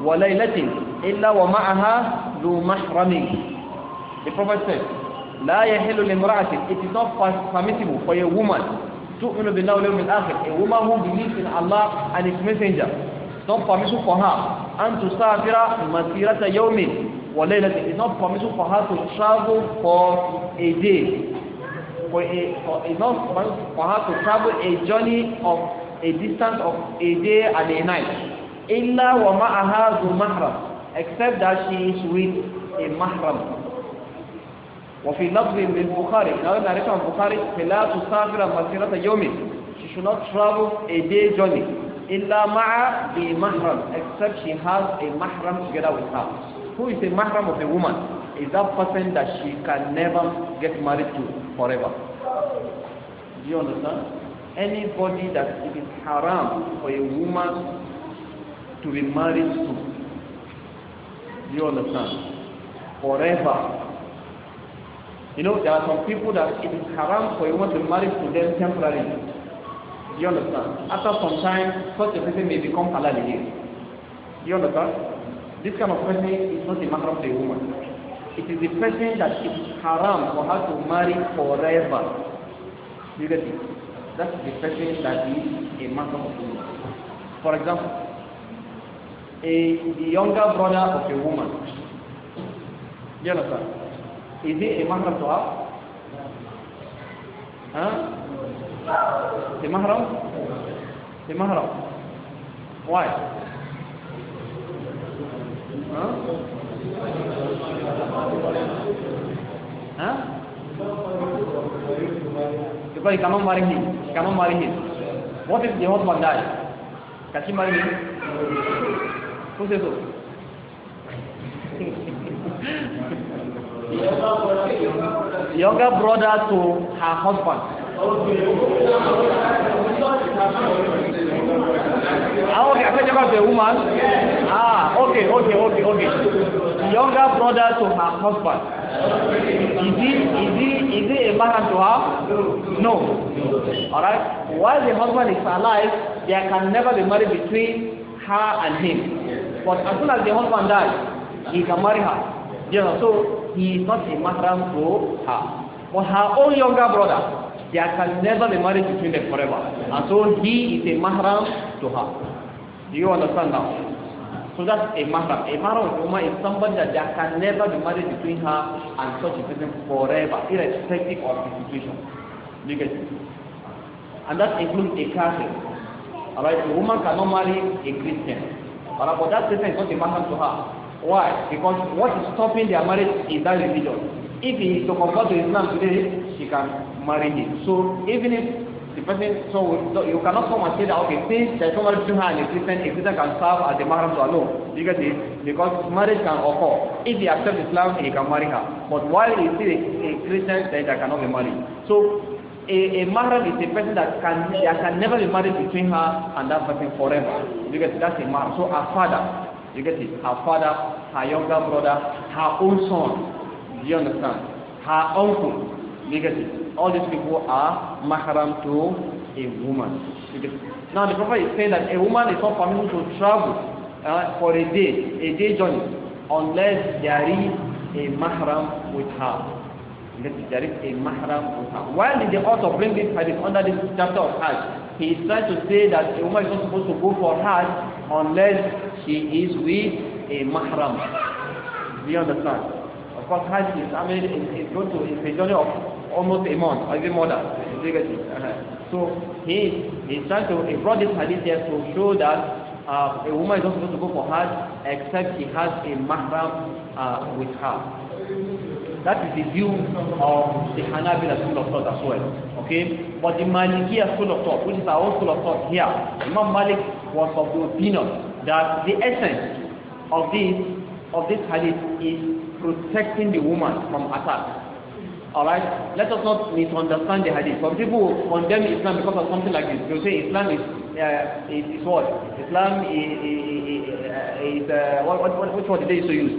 wa laylatin illa wa ma'aha dhu mahramin the prophet said la yahillu limra'atin it is not permissible for a woman tu'minu billahi wal yawmil akhir a woman who believes in Allah and his messenger it's not permissible for her an tusafira masirata yawmin wa laylatin it's not permissible for her to travel for a day for a for a not for her to travel a journey of a distance of a day and a night illa wa ma'aha zu mahram except that she is with a mahram وفي لفظ من بخاري نقول نعرفها عن بخاري فلا تسافر مسيرة يوم she should not travel a day journey إلا مع the mahram except she has a mahram together with her who is a mahram of a woman is that person that she can never get married to forever do you understand anybody that it is haram for a woman to be married to. you understand? Forever. You know, there are some people that it is haram for you want to marry to them temporarily. you understand? After some time, such a person may become halal again. you understand? This kind of person is not a matter of a woman. It is the person that it is haram for her to marry forever. you get it? That's the person that is a matter of a woman. For example, a younger brother of a woman. Do you understand? Is he a mahram to her? Huh? The mahram? The mahram. Why? Huh? Huh? Because he cannot marry him. He cannot marry him. What if the husband dies? Can she marry him? ó ṣe tó. younger brother to her husband. Ah, okay, I said about woman. Ah, okay, okay, okay, okay. Younger brother to her husband. Is he, is he, is he a matter to her? No. Alright? While the husband is alive, there can never be marriage between her and him. But as soon as the husband dies, he can marry her. You know, so he is not a mahram to her. But her own younger brother, there can never be marriage between them forever. And so he is a mahram to her. Do you understand now? So that's a mahram. A mahram woman is somebody that there can never be marriage between her and such a person forever, irrespective of the situation. you get it? And that includes a Catholic. Alright, a woman cannot marry a Christian. But for that person, is not matter to her. Why? Because what is stopping their marriage is that religion. If he is to convert to Islam today, she can marry him. So even if the person, so you cannot come and say that, okay, since there's somebody between her and a Christian, a Christian can serve as a mahram to alone. You get it? Because marriage can occur. If he accepts Islam, he can marry her. But while he is still a, a Christian, then they cannot be married. So a, a mahram is a person that can that can never be married between her and that person forever. You get it? That's a mahram. So her father, you get it? Her father, her younger brother, her own son. Do you understand? Her uncle. You get it? All these people are mahram to a woman. You get it? Now the Prophet is saying that a woman is not permitted to travel uh, for a day, a day journey, unless there is a mahram with her that there is a mahram Why did they bring this hadith under this chapter of Hajj? He is trying to say that a woman is not supposed to go for Hajj unless she is with a mahram. Do you understand? Of course, Hajj is, I mean, it's, going to, it's a journey of almost a month, or even more than. Uh-huh. So he is trying to, he brought this hadith here to show that uh, a woman is not supposed to go for Hajj except she has a mahram uh, with her. That is the view of the Hanabila school of thought as well. Okay? But the Malikiya school of thought, which is our school of thought here, Imam Malik was of the opinion that the essence of this of this hadith is protecting the woman from attack. Alright? Let us not misunderstand the hadith. Some people condemn Islam because of something like this. They'll say Islam is uh, is, is what? Islam is, uh, is uh, what, what, which one did they used to use?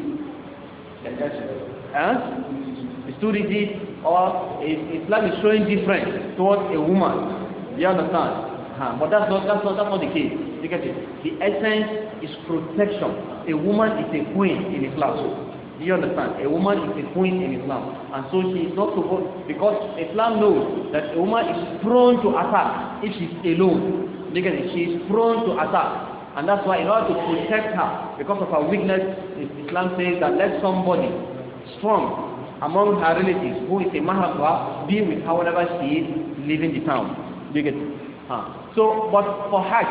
eh, is too rigid or Islam is showing different towards a woman. You understand? Uh, but that's not, that's, not, that's not the case. Look at it. The essence is protection. A woman is a queen in Islam. Do you understand? A woman is a queen in Islam. And so she is not supposed, because Islam knows that a woman is prone to attack if she's alone. Because she is prone to attack. And that's why in order to protect her, because of her weakness, Islam says that let somebody strong among her relatives who is a maharba deal with her whenever she is leaving the town. you get Huh. So, but for Hajj,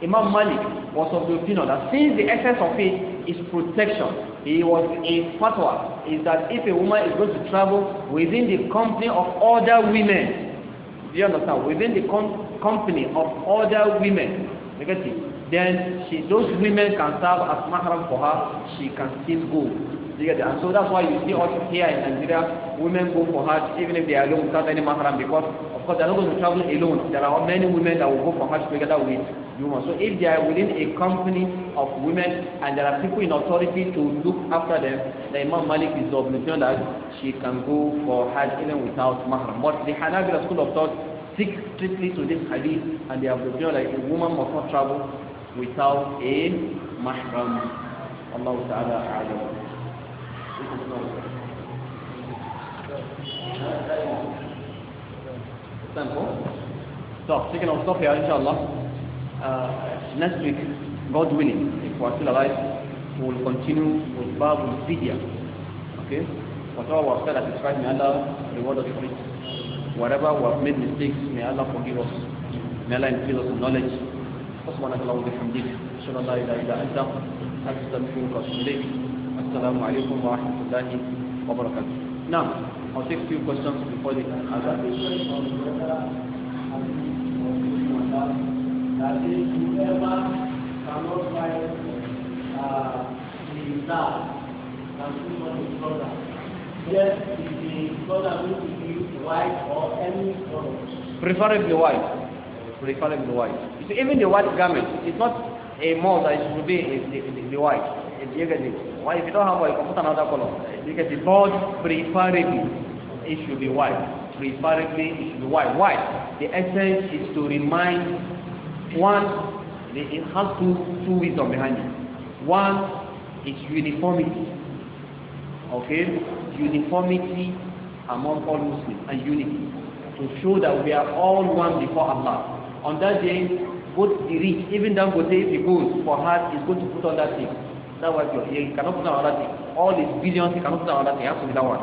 Imam Malik was of the opinion that since the essence of it is protection, he was a fatwa, is that if a woman is going to travel within the company of other women, do you understand? Within the com company of other women, you get it? Then she, those women can serve as mahram for her, she can still go. You get And so that's why you see also here in Nigeria, women go for Hajj even if they are alone without any mahram because, of course, they're not going to travel alone. There are many women that will go for Hajj together with women. So if they are within a company of women and there are people in authority to look after them, the Imam Malik is of the opinion that she can go for Hajj even without mahram. But the Hanabila school of thought stick strictly to this hadith and they have the opinion that a woman must not travel without a mahram. Allah Ta'ala A'lam. So, taking our stop here, inshallah. Uh, next week, God willing, if we're still alive, we'll continue with Babul Fidya. Okay? Whatever was said at this time, may Allah reward us for it. Whatever we have made mistakes, may Allah forgive us. May Allah infuse us with knowledge. سبحانك اللهم وبحمدك اشهد ان لا اله الا انت استغفرك واتوب اليك Assalamu alaikum wa rahmatullahi wa barakatuh. Now, I'll take a few questions before the answer. That is, whoever cannot find uh, the dad can put on his brother. Yes, the brother will be white or any color. Preferably white. Preferably white. You see, even the white garment, it's not a must that it should be the, the, the white. It's negative. Why, if you don't have one, wife, put another column. Because the not preferably, it should be white. Preferably, it should be white. Why? The essence is to remind one, it has two, two wisdom behind it. One is uniformity. Okay? Uniformity among all Muslims and unity. To show that we are all one before Allah. On that day, both the rich, even Dangote, the good for heart is going to put on that thing that was your ear you cannot put on another thing all his billions you cannot put on another thing you have to be that one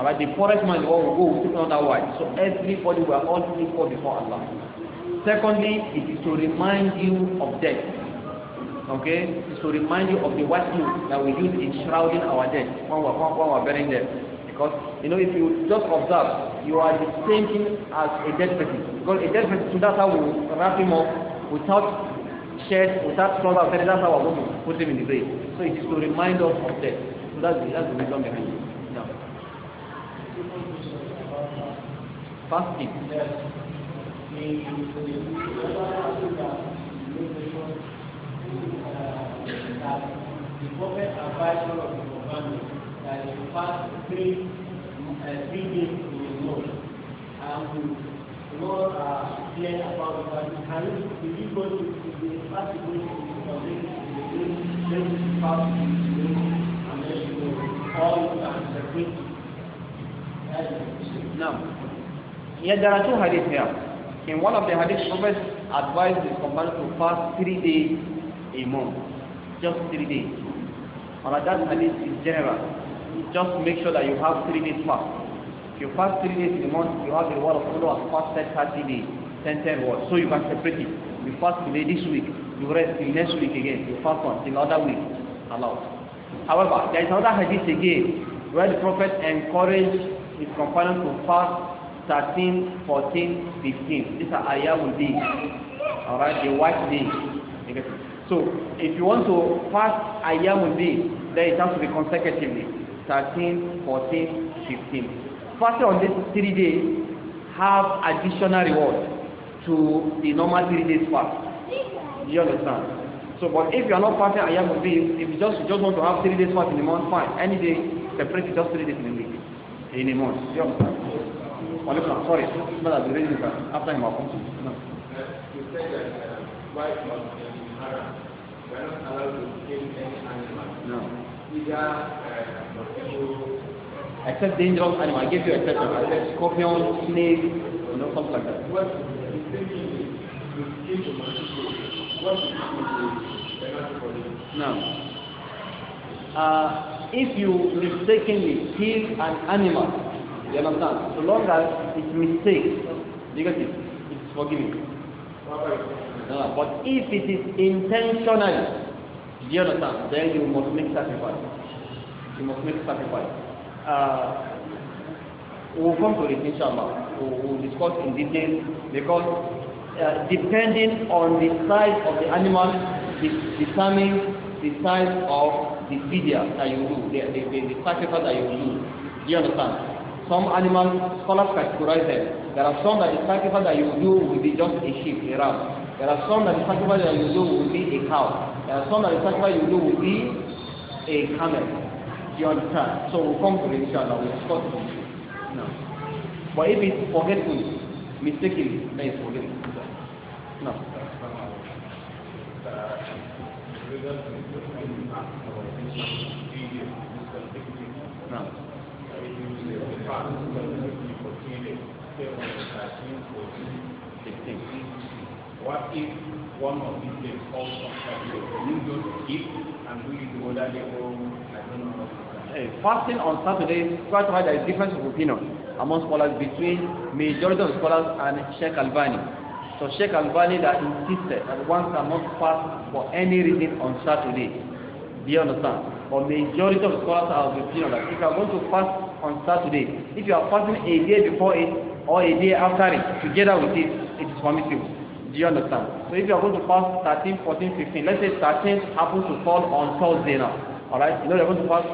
alright the forest man all oh, go put on that one so everybody were all equal before Allah secondly it is to remind you of death okay it is to remind you of the white cloth that we use in shrouding our death when we are when we are burying them because you know if you just observe you are the same thing as a dead person because a dead person so that's how we wrap him up without shed without struggle outside. That's how to put him in the grave. So it is to remind us of death. So that's the, that's the behind it. Now, fasting. The prophet advised of the companions that fast three, uh, three days in a month and more uh, clear about Can you, if you go to the now, yeah, there are two hadith here. In one of the hadiths, Prophet advised the companions to fast three days a month, just three days. Alright, that hadith is general. Just make sure that you have three days fast you fast three days in a month, you have a word of Allah has fasted 30 days, 10, 10 words. So you can separate it. You fast today this week, you rest till next week again, you fast until other week. Allowed. However, there is another hadith again where the Prophet encouraged his companions to fast 13, 14, 15. These are ayahul days. Alright, the white days. So if you want to fast ayahul days, then it has to be consecutively 13, 14, 15. fasting on this three days have additional reward to the normal three days fast. Do you understand? So, but if you are not fasting ayam to be, if you just you just want to have three days fast in the month, fine. Any day, separate it just three days in a week, in a month. Do you understand? Oh, look, I'm sorry. No, that's the reason after him, I'll come to you. No. You said that why not we are not allowed to kill any animal. No. Either uh, except dangerous animal. I gave you exception. I said scorpion, snake, you know, something like that. No. uh, if you mistakenly kill an animal, you understand? So long as it's mistake, negative, it's, it's forgiving. but if it is intentional, do you understand? Then you must make sacrifice. You must make sacrifice. Uh, we will come to it inshallah. We will discuss in detail because uh, depending on the size of the animal determines the size of the fidya that you do, the, the, the, the sacrifice that you do. Do you understand? Some animals, scholars categorize them. There are some that the sacrifice that you do will be just a sheep, a ram. There are some that the sacrifice that you do will be a cow. There are some that the sacrifice you do will be a camel. You understand? So we'll come to it, inshallah, we'll discuss it. No. But if it's forgetful, mistaken, then it's forgetful. No. No. What if one of these days also you don't eat and do it the other day oh, Eh, fasting on Saturday, quite why there is difference of opinion among scholars between majority of scholars and Sheikh Albani. So Sheikh Albani that insisted that one cannot fast for any reason on Saturday. Do you understand? But majority of scholars are of the opinion that if you are going to fast on Saturday, if you are fasting a day before it or a day after it, together with it, it is permissible. Do you understand? So if you are going to fast 13, 14, 15, let's say 13 happens to fall on Thursday now All right, you know you're going to fast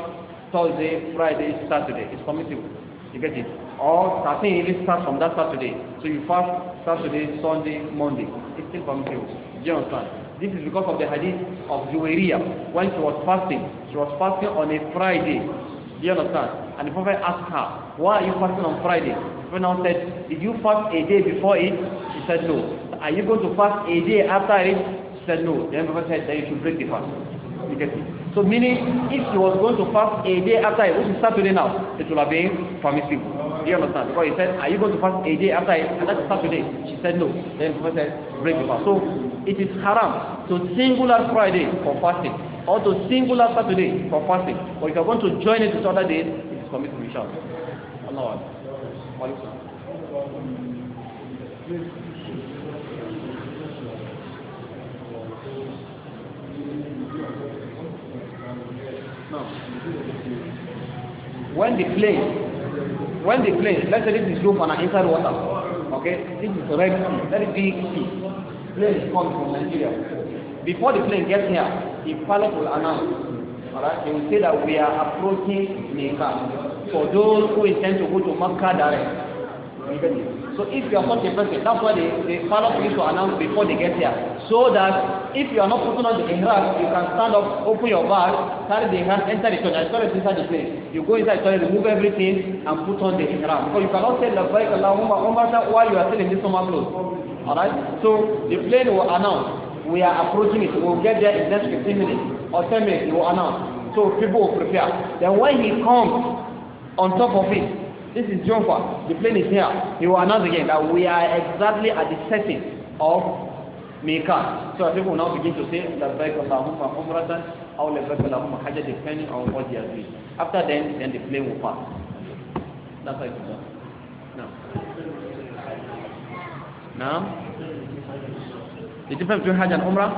Thursday, Friday, Saturday. It's permissible. You get it? Or starting even starts from that Saturday. So you fast Saturday, Sunday, Monday. It's still permissible. Do you understand? This is because of the hadith of Juwairiyah. When she was fasting, she was fasting on a Friday. Do you understand? And the Prophet asked her, why are you fasting on Friday? The Prophet now said, did you fast a day before it? She said, no. Are you going to fast a day after it? She said, no. Then the Prophet said, then you should break the fast. You get it? So meaning, if he was going to fast a day after it, which is Saturday now, it will have been permissible. Do you understand? Because he said, are you going to fast a day after it? And that's Saturday. She said no. Then the Prophet said, break the fast. So it is haram to singular Friday for fasting or to singular Saturday for fasting. But if you are going to join it with other days, it is permissible. Allah. Allah. When the plane, when the plane, let's say this is low for inside water, okay? This is red sea, very big sea. Plane is from Nigeria. Before the plane gets here, the pilot will announce, alright? He will say that we are approaching Mecca. For those who intend to go to Makkah direct, So if you are not a person, that's why they they follow used to announce before they get here. So that if you are not putting on the ihram, you can stand up, open your bag, carry the ihram, enter the toilet. The toilet inside the place. You go inside the toilet, remove everything, and put on the ihram. Because you cannot say the bike Allahumma umrata while you are still in this summer clothes. Alright? So the plane will announce. We are approaching it. We'll get there in the next 15 minutes or 10 minutes. It will announce. So people will prepare. Then when he comes on top of it, This is Joffa. The plane is here. He will announce again that we are exactly at the setting of Mecca. So people will now begin to say, لَبَّيْكَ اللَّهُمَّ عُمْرَةً أَوْ لَبَّيْكَ اللَّهُمَّ حَجَّةً depending on what they are doing. After then, then the plane will pass. That's how it's done. Now. Now? The difference between Hajj and Umrah?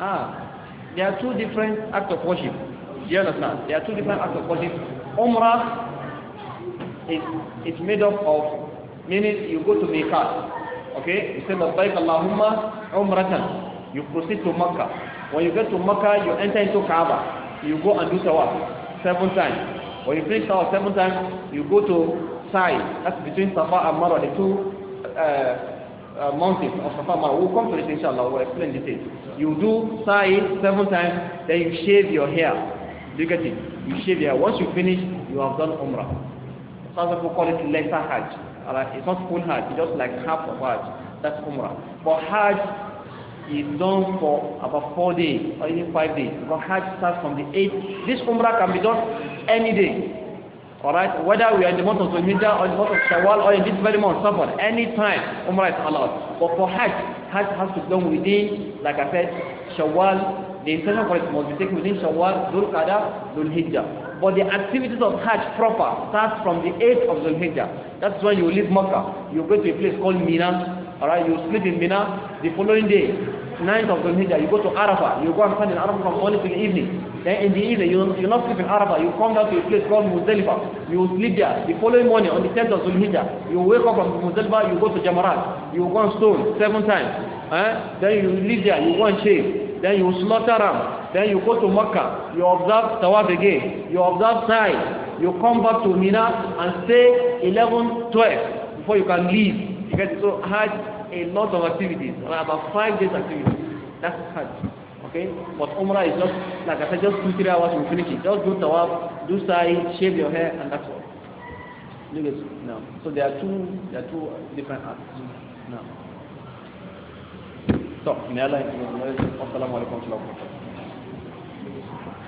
Ah, there are two different acts of worship. Do you understand? There are two different acts of worship. Umrah is, made up of, meaning you go to Mecca, okay? You say, Labbaik Allahumma Umratan. You proceed to Makkah. When you get to Makkah, you enter into Kaaba. You go and do Tawaf seven times. When you finish Tawaf seven times, you go to Sa'i. That's between Safa and Marwa, the two uh, uh, mountains of Safa and Marwa. We'll come to this inshallah, we'll explain the details. You do Sa'i seven times, then you shave your hair. Look at it. You shave your hair. Once you finish, you have done Umrah. Some people call it lesser Hajj. Right? It's not full Hajj, it's just like half of Hajj. That's Umrah. But Hajj is done for about four days or even five days. Because Hajj starts from the eighth. This Umrah can be done any day. Alright, whether we are in the month of Zulhijjah or in the month of Shawwal or in this very month, someone, any time, Umrah is allowed. But for Hajj, Hajj has to be done within, like I said, Shawwal, the intention for it must be taken within Shawwal, Dhul Qadha, Dhul Hijjah. But the activities of Hajj proper starts from the 8th of Zulhijjah. That's when you leave Makkah. You go to a place called Mina. Alright, you sleep in Mina. The following day, 9th of Zulhijjah, you go to Arafah. You go and spend in Arafah from morning till evening. Then in the evening, you, you not sleep in Arafah. You come down to a place called Muzdalifah. You sleep there. The following morning, on the 10th of Zulhijjah, you wake up from Muzdalifah, you go to Jamarat. You go and stone seven times. Eh? Then you leave there. You go and shave. Then you slaughter ram. Then you go to Mecca, you observe Tawaf again, you observe Sa'i, you come back to Mina and stay 11, 12 before you can leave. You get so Hajj, a lot of activities, about five days activities. That's Hajj. Okay? But Umrah is just, like I said, just two, three hours, you finish it. Just do Tawaf, do Sa'i, shave your hair, and that's all. No. So there are two, there are two different acts. No. So, may Allah, wassalamu alaikum wa rahmatullahi